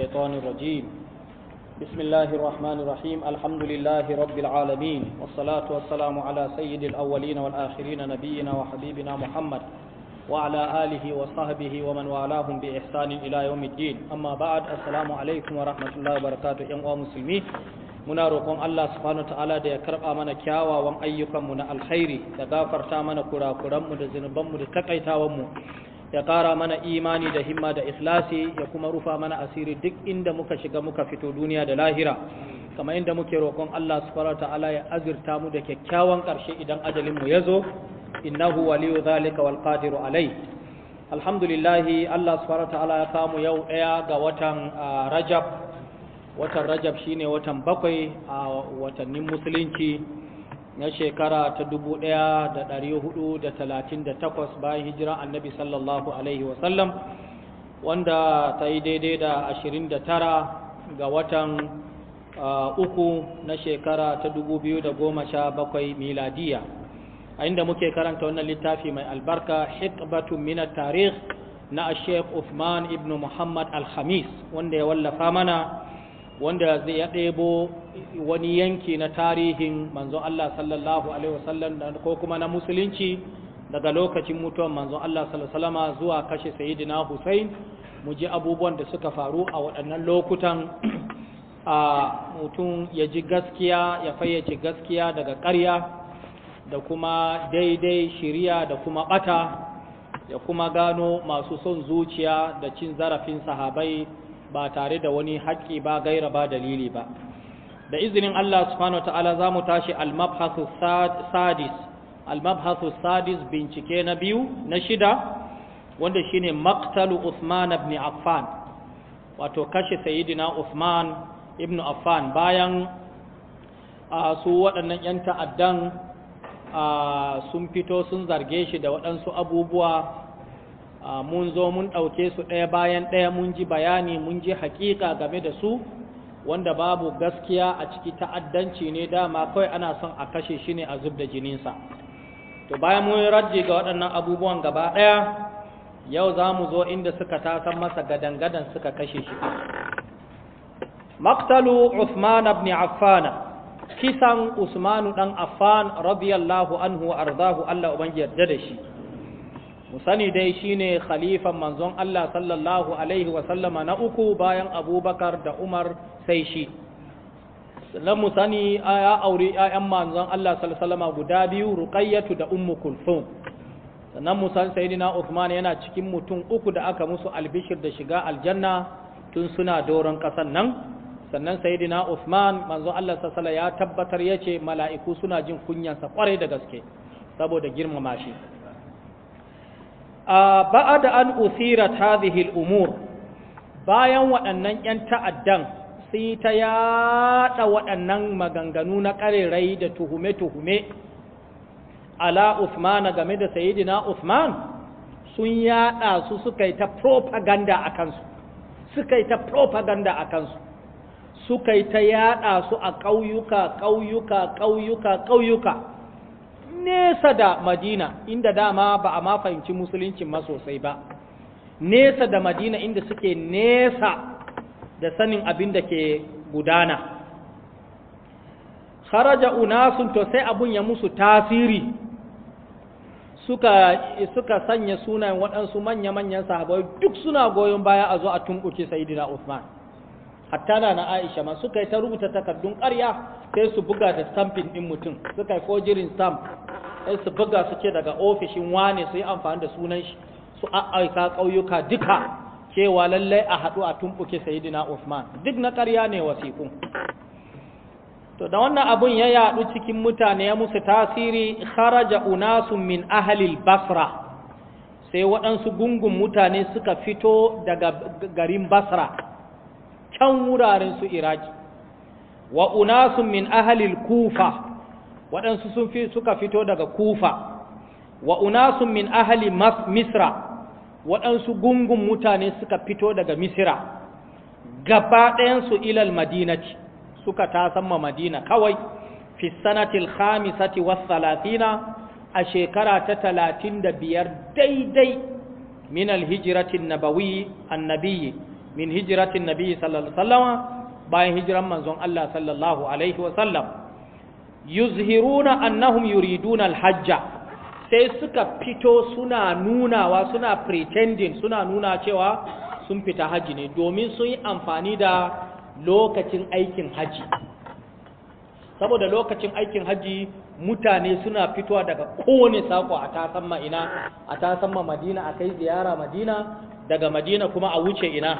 الشيطان الرجيم بسم الله الرحمن الرحيم الحمد لله رب العالمين والصلاة والسلام على سيد الأولين والآخرين نبينا وحبيبنا محمد وعلى آله وصحبه ومن والاهم بإحسان إلى يوم الدين أما بعد السلام عليكم ورحمة الله وبركاته يا مسلمين muna roƙon الله سبحانه وتعالى da كرب karɓa كياوا kyawawan ayyukanmu na alkhairi da gafarta mana kurakuranmu da zunubanmu da takaitawanmu ya ƙara mana imani da himma da islasi ya kuma rufa mana asiri duk inda muka shiga muka fito duniya da lahira kamar inda muke roƙon Allah subhanahu ta'ala ya azurta mu da kyakkyawan ƙarshe idan ajalin mu yazo innahu waliyu zalika wal qadiru alai alhamdulillah Allah subhanahu ta'ala ya kamu yau ɗaya ga watan ah, Rajab watan Rajab shine watan bakwai a watannin musulunci na shekara ta 1438 bayan hijiran annabi sallallahu alaihi wasallam wanda ta yi daidai da 29 ga watan uku na shekara ta 2017 miladiya a inda muke karanta wannan littafi mai albarka hikbatun minar tarih na ashek Uthman ibn Muhammad al-Khamis wanda ya wallafa mana wanda zai ya ɗebo wani yanki na tarihin manzon Allah sallallahu alaihi wasallam ko kuma na musulunci daga lokacin mutuwan manzon Allah sallallahu alaihi zuwa kashe sayyidina Hussein mu ji abubuwan da suka faru a waɗannan lokutan a mutum ya ji gaskiya ya fayyace gaskiya daga ƙarya da kuma daidai shirya da kuma ɓata ya kuma gano masu son zuciya da cin zarafin sahabai ba tare da wani haƙƙi ba gaira ba dalili ba da izinin Allah subhanahu wa ta'ala za mu tashi al-mabhasu sadis al-mabhasu sadis bincike na biyu na shida wanda shine maqtalu Uthman ibn Affan wato kashe sayyidina Uthman ibn Affan bayan su waɗannan 'yan ta'addan sun fito sun zarge shi da waɗansu abubuwa Ah, mun zo mun ɗauke su ɗaya bayan ɗaya mun ji bayani mun ji haƙiƙa game da su wanda babu gaskiya a ciki ta'addanci ne dama kawai ana son a kashe shi ne a zub da jininsa to bayan mun raddi ga waɗannan abubuwan gaba ɗaya yau za mu zo inda suka tasan masa gadangadan suka kashe shi maktalu Uthman ibn Affan kisan Usmanu dan Affan radiyallahu anhu ardahu Allah ubangiji yarda da shi musani dai shine khalifan manzon Allah sallallahu alaihi sallama na uku bayan abubakar da umar sai shi sannan mu ya auri ‘ya'yan manzon Allah sallallahu guda biyu ruƙayyatu da ummu kulfum sannan musan san usman yana cikin mutum uku da aka musu albishir da shiga aljanna tun suna doron kasan nan sannan sayidina usman manzon Allah sassala ya tabbatar ya ce mala'iku suna jin kunyansa kwarai da gaske saboda girmama shi ba'ad an usira hadhihi al-umur bayan waɗannan 'yan ta'addan sun yi ta yaɗa waɗannan maganganu na ƙarerai da tuhume-tuhume ala Usman game da Sayyidina Usman sun yaɗa su suka yi ta propaganda a kansu suka yi ta propaganda a kansu suka yi ta yaɗa su a ƙauyuka ƙauyuka ƙauyuka ƙauyuka nesa da madina inda dama ba a ma fahimci musuluncin ma sosai ba nesa da madina inda suke nesa da sanin abin da ke gudana haraja unasun to sai abun ya musu tasiri suka suka sanya sunayen waɗansu manya-manyan sahabai duk suna goyon baya a zo a tumɓuke sayidina Usman hatta na Aisha ma suka yi ta rubuta takardun ƙarya sai su buga da stampin din mutum suka yi kojirin stamp sai su buga su ce daga ofishin wane su yi amfani da sunan shi su a'aika ƙauyuka duka cewa lallai a haɗu a tumɓuke sayidina Usman duk na ƙarya ne wasiku. to da wannan abun ya yaɗu cikin mutane ya musu tasiri kharaja unasun min ahlil basra sai waɗansu gungun mutane suka fito daga garin basra can wuraren su iraki wa unasun min ahalil kufa waɗansu sun fi suka fito daga kufa wa unasun min ahali misra waɗansu gungun mutane suka fito daga misira gaba ɗayansu ilal madinati suka tasamma madina kawai fi sanatil khamisati was salatina a shekara ta talatin da biyar daidai min alhijiratin nabawi annabiyi min hijiratin nabiyi sallallahu alaihi bayan hijiran manzon Allah sallallahu alaihi wasallam yuzhiruna annahum yuriduna alhajja sai suka fito suna nunawa suna pretending suna nuna cewa sun fita haji ne domin sun yi amfani da lokacin aikin haji saboda lokacin aikin haji mutane suna fitowa daga kowane sako a tasamma ina a ma madina a kai ziyara madina daga madina kuma a wuce ina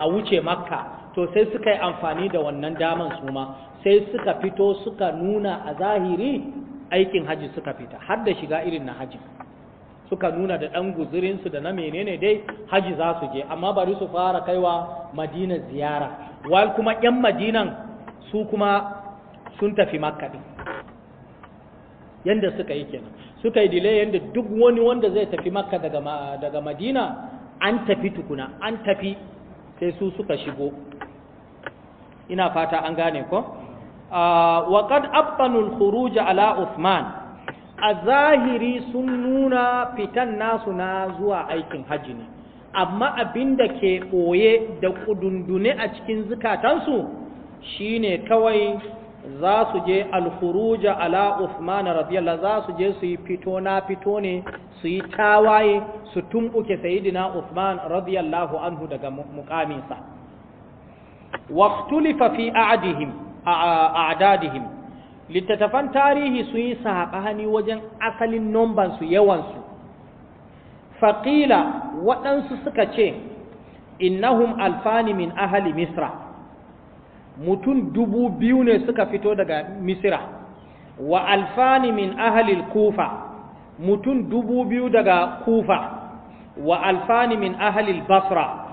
a wuce makka to sai suka yi amfani da wannan daman su ma sai suka fito suka nuna a zahiri aikin haji suka fita har da shiga irin na haji suka nuna da ɗan guzurinsu da na menene dai haji za su je amma bari su fara kaiwa madina ziyara wal kuma 'yan madinan su kuma sun tafi makka din? yadda suka yi kenan suka yi delay yadda duk wani wanda zai tafi makka daga madina an tafi tukuna an tafi sai su suka shigo ina fata an gane ko ah, wa qad abtanul khuruj ala Usman, a zahiri sun nuna fitan nasu na zuwa aikin haji ne amma abinda ke ɓoye da kudundune a cikin zukatansu shine kawai za su je alkhuruja ala Uthman radiyallahu za su je su yi fito na fito ne su yi tawaye su tumbuke sayyidina Uthman radiyallahu anhu daga mukaminsa waqtulifa fi a'dihim a'dadihim littattafan tarihi sun yi sahabani wajen asalin numban su yawan su faqila waɗansu suka ce innahum alfani min ahli misra mutum dubu biyu ne suka fito daga misira wa alfani min ahalil kufa mutum dubu biyu daga kufa wa alfani min ahalil basra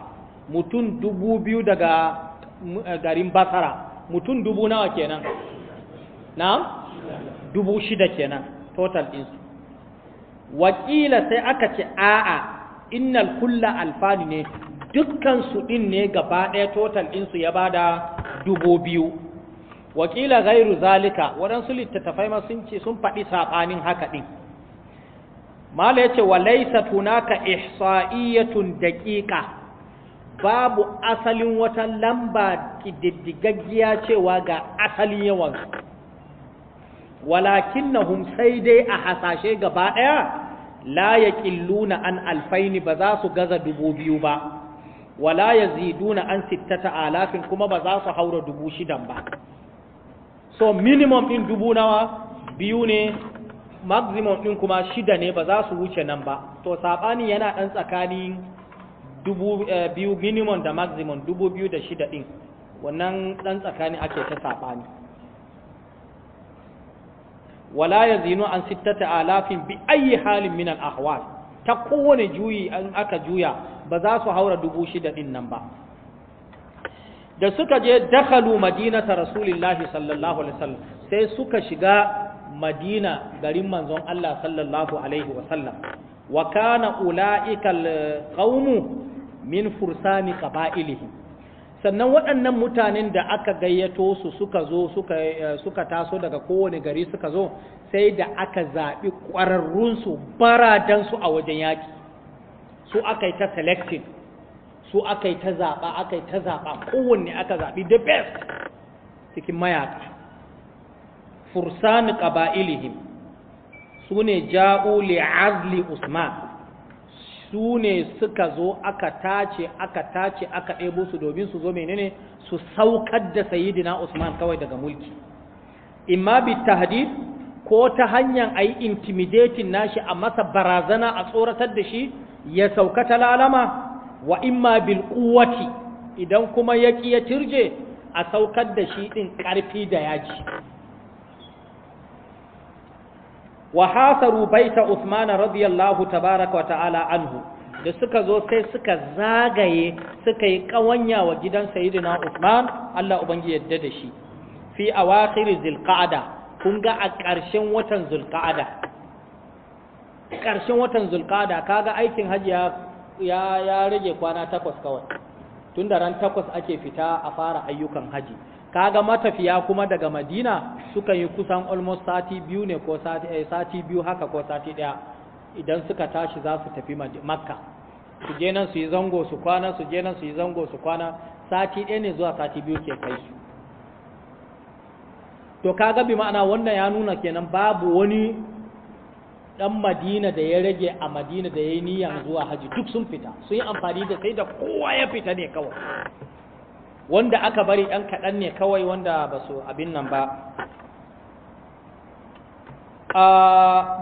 mutum dubu biyu daga eh, garin basara mutum dubu nawa kenan na dubu shida kenan total ɗinsu wakila sai aka ce a'a innal kulla alfani ne dukkan su din ne gaba ɗaya total ɗinsu ya bada dubu biyu wakila gairu zalika waɗansu littattafai ma sun ce sun faɗi saɓanin haka ɗin mala ya ce wa laisa tunaka ihsa'iyyatun daƙiƙa babu asalin wata lamba ƙididdigaggiya cewa ga asalin yawan walakin na sai dai a hasashe gaba ɗaya la ya an alfaini ba za su gaza dubu biyu ba wala yaziduna an sittata alafin kuma ba za su haura dubu shidan ba so minimum din dubu nawa biyu ne maximum din kuma shida ne ba za su wuce nan ba to sabani yana dan tsakani dubu eh, biyu minimum da maximum dubu biyu da shida din wannan dan tsakani ake ta sabani wala zinu an sittata alafin bi ayi halin min al ahwal ta kowane juyi an aka juya ba za su haura dubu shida ɗin nan ba da suka je dakalu madinata rasulillahi sallallahu alaihi wasallam sai suka shiga madina garin manzon Allah sallallahu alaihi wasallam wa kana ula'ikal qaumu min fursani qaba'ilihim sannan waɗannan mutanen da aka gayyato su suka zo eh, suka taso daga kowane gari suka zo sai da aka zaɓi ƙwararrunsu baradansu a wajen yaƙi su aka yi ta selecting su aka yi ta zaɓa aka yi ta zaɓa kowanne aka zaɓi the best cikin mayaƙa fursani ƙaba'ilihim su ne ja'u li'azli usman su ne suka zo aka tace aka tace aka ɗebo su domin su zo menene su saukar da sayidina Usman kawai daga mulki imma bi tahdid ko ta hanyar ayi intimidating nashi a masa barazana a tsoratar da shi ya sauka ta lalama wa imma bil quwwati idan kuma ya ya tirje a saukar da shi din karfi da yaji wa hasaru baita Usman radiyallahu tabaraka wa ta'ala anhu da suka zo sai suka zagaye suka yi kawanya wa gidan sayyidina Usman Allah ubangi yadda da shi fi awakhir zulqa'da kun ga a ƙarshen watan zulqa'da ƙarshen watan zulqa'da kaga aikin hajji ya ya rage kwana takwas kawai tun da ran takwas ake fita a fara ayyukan haji kaga matafiya kuma daga madina suka yi kusan almost sati biyu ne ko sati eh, biyu haka ko sati daya idan suka tashi za su tafi makka su je nan su yi zango su kwana su je nan su yi zango su kwana sati ɗaya ne zuwa sati biyu ke kai su to kaga bi ma'ana wannan ya nuna kenan babu wani dan madina da ya rage a madina da ya yi niyan zuwa haji duk sun fita sun yi amfani da sai da kowa ya fita ne kawai wanda aka bari ɗan kaɗan ne kawai wanda ba su abin nan ba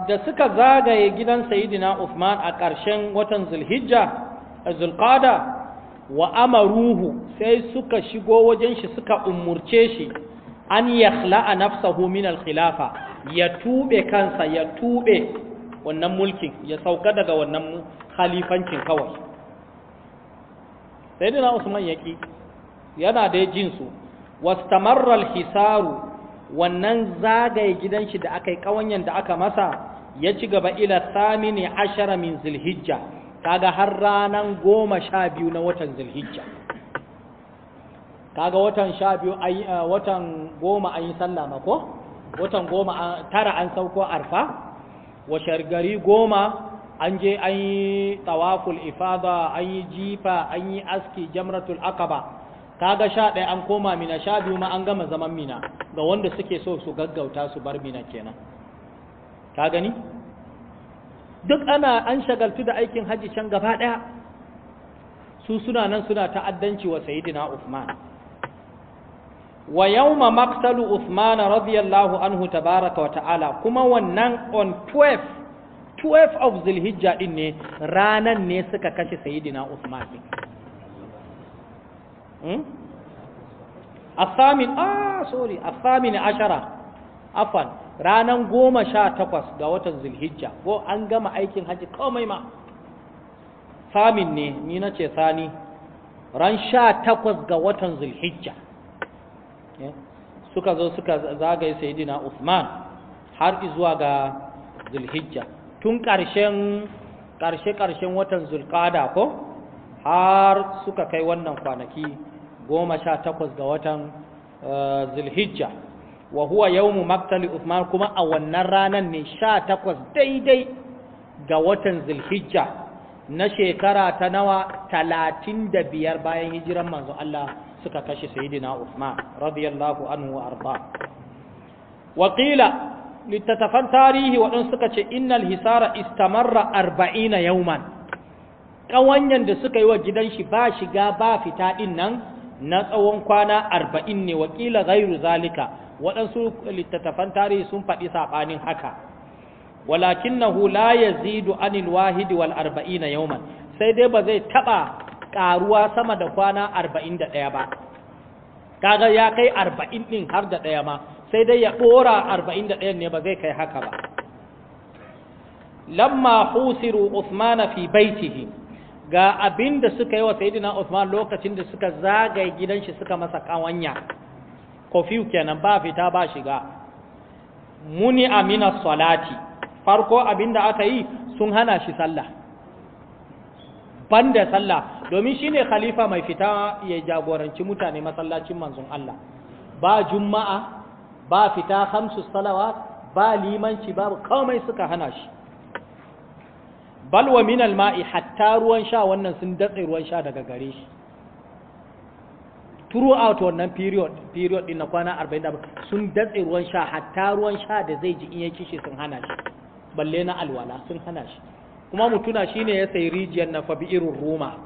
da suka zagaye gidan sayidina Uthman a ƙarshen watan zulhijja Zulƙada, wa amaruhu sai suka shigo wajen shi suka umurce shi an yakhla'a nafsahu min al-khilafa ya tube kansa ya tube wannan mulkin ya sauka daga wannan khalifancin kawai sayidina Usman ƙi, yana da jin su wastamarra al-hisaru wannan zagaye gidan shi da aka yi kawanyan da aka masa ya ci gaba ila samini ashara min zulhijja kaga har ranan goma sha biyu na watan zulhijja kaga watan sha biyu eh, watan goma an yi sallah mako watan goma tara an sauko arfa wa gari goma an je an yi tawaful ifada an yi jifa an yi aski jamratul aqaba kaga sha ɗaya an koma mina sha biyu ma an gama zaman mina ga wanda suke so su gaggauta su bar mina kenan ka gani duk ana an shagaltu da aikin hajji can gaba ɗaya su suna nan suna ta'addanci wa sayidina Uthman wa yawma maqtalu Uthman radiyallahu anhu tabaraka wa ta'ala kuma wannan on 12 12 of Zulhijja din ne ranan ne suka kashe sayidina Uthman الثامن آه سوري الثامن عشرة عفوا ranan goma sha takwas ga watan zulhijja ko an gama aikin hajji kawai ma samin ne ni na ce sani ran sha takwas ga watan zulhijja eh? suka zo suka zagaye sayidina Uthman har zuwa ga Zulhijja tun ƙarshen ƙarshe-ƙarshen watan Zulqada ko har suka kai wannan kwanaki goma sha takwas ga watan eh, zilhijja. wa huwa yawmu maktali Uthman kuma a wannan ranar ne sha takwas daidai ga watan zilhijja. na shekara ta nawa talatin da biyar bayan hijiran manzo Allah suka kashe sayidina Uthman radiyallahu anhu wa arda Wakila littattafan tarihi waɗansu suka ce innal hisara istamarra arba'ina yauman ƙawanyan da suka yi wa gidan shi ba shiga ba fita ɗin nan na tsawon kwana arba'in ne wakila gairu zalika waɗansu littattafan tarihi sun faɗi saɓanin haka walakinnahu la yazidu anil wahidi wal arba'ina yawman sai dai ba zai taɓa ƙaruwa sama da kwana arba'in da ɗaya ba kaga ya kai arba'in ɗin har da ɗaya ma sai dai ya ɗora arba'in da ɗaya ne ba zai kai haka ba lamma husiru usmana fi baitihi ga abin da suka yi wa sayidina Usman lokacin da suka zagaye gidan shi suka masa kawanya kofiu kenan ba fita ba shiga muni amina salati farko abin da aka yi sun hana shi sallah banda sallah domin shine khalifa mai fita ya jagoranci mutane masallacin manzon Allah ba juma'a ba fita khamsu salawat ba limanci babu komai suka hana shi balwa min minal ma'i hatta ruwan sha wannan sun datse ruwan sha daga gare shi throughout wannan period period din na kwana 47 sun datse ruwan sha hatta ruwan sha da zai ji in ya kishi sun hana shi balle na alwala sun hana shi kuma mutuna shine ya sayi rijiyar na fabi'irun roma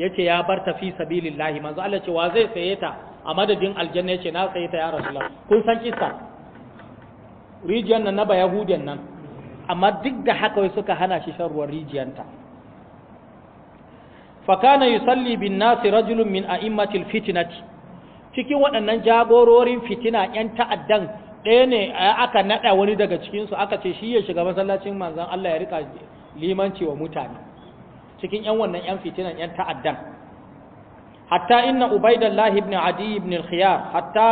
yace ya bar ta fi sabilillahi manzo Allah ce wa zai saye ta a madadin aljanna yace na saye ta ya rasulullah kun san kissa rijiyar nan na bayahudiyan nan amma duk da haka wai suka hana shi shan ruwan rijiyanta fakana yusalli bin nasi rajulun min a'immatil fitnati cikin waɗannan jagororin fitina ƴan ta'addan ɗaya ne aka naɗa wani daga cikinsu aka ce shi ya shiga masallacin manzon Allah ya rika limanci wa mutane cikin ƴan wannan ƴan fitinan ƴan ta'addan hatta inna ubaidullahi ibn adi ibn al-khiyar hatta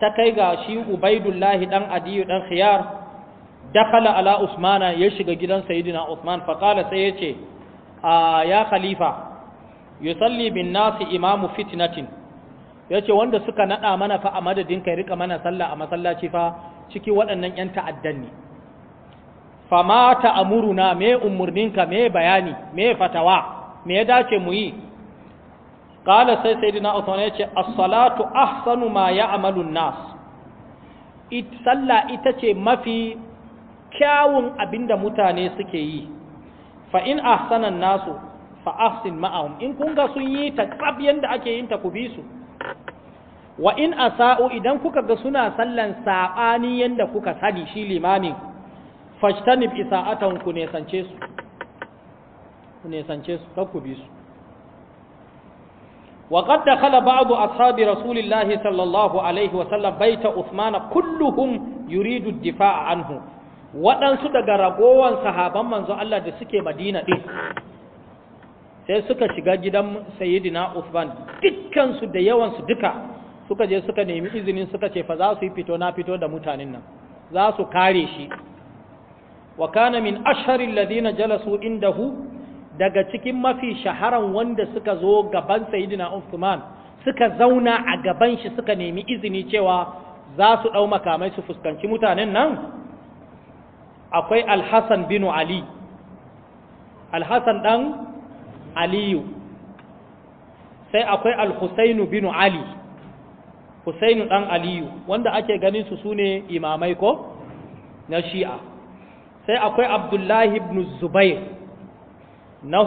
ta kai ga shi ubaidullahi dan adi dan khiyar dakala ala usmana ya shiga gidan sayidina usman faƙala sai ya ya khalifa yusalli bin nasi imamu fitnatin ya ce wanda suka naɗa mana fa a madadin kai rika mana sallah a masallaci fa ciki waɗannan 'yan ta'addan ne fama ta amuruna me umurninka me bayani me fatawa me ya dace mu yi ƙala sai sayidina usman ya as-salatu ahsanu ma ya'malu nas It sallah ita ce mafi kyawun abin da mutane suke yi fa in ahsanan nasu fa ahsin ma'ahum in kun ga sun yi ta tsab yadda ake yin ta ku bi su wa in a asa'u idan kuka ga suna sallan saɓani yadda kuka sani shi limamin fajtanib isa'atan ku ne sance su ku ne su ku bi su wa qad dakhala ba'du ashabi rasulillahi sallallahu alaihi wa sallam baita uthmana kulluhum yuridu ad-difa'a anhu waɗansu daga ragowan sahaban manzo Allah da suke Madina ɗin sai suka shiga gidan sayidina Uthman dukkansu da yawansu duka suka je suka nemi izinin suka ce fa za su yi fito na fito da mutanen nan za su kare shi wa kana min ashari ladina jalasu indahu daga cikin mafi shaharan wanda suka zo gaban sayidina Uthman suka zauna a gaban shi suka nemi izini cewa za su dau makamai su fuskanci mutanen nan akwai alhassan binu ali alhassan ɗan aliyu sai akwai alhussainu binu ali husainu ɗan aliyu wanda ake ganin su sune imamai ko na shi'a sai akwai abdullahi ibn zubair na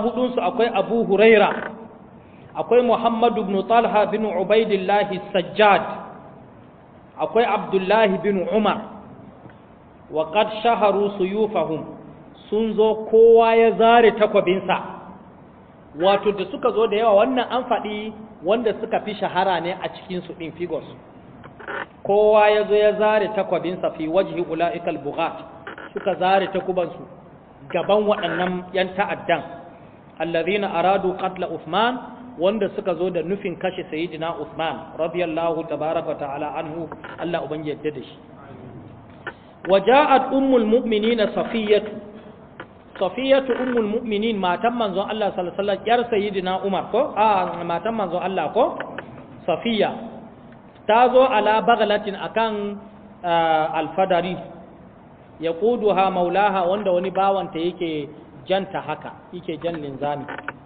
hudunsu akwai abu huraira akwai muhammadu ibn talha bin ubaidillahi sajjad akwai abdullahi bin umar wa qad shaharu suyufahum sun zo kowa ya zare takwabinsa wato da suka zo da yawa wannan an faɗi wanda suka fi shahara ne a cikin su ɗin figos kowa ya zo ya zare takwabinsa fi wajhi ula'ikal bughat suka zare takubansu gaban waɗannan yan ta'addan allazina aradu qatla usman wanda suka zo da nufin kashe sayyidina usman radiyallahu tabaraka ta'ala anhu Allah ubangiji yadda da shi وجاءت أم المؤمنين صفية صفية أم المؤمنين ما تم منذ الله صلى الله عليه وسلم يا سيدنا عمر كو آه ما تم منذ الله كو صفية تازو على بغلة أكان آه الفدري يقودها مولاها وند وني باوان تيكي جنت هكا يكي جن لنزامي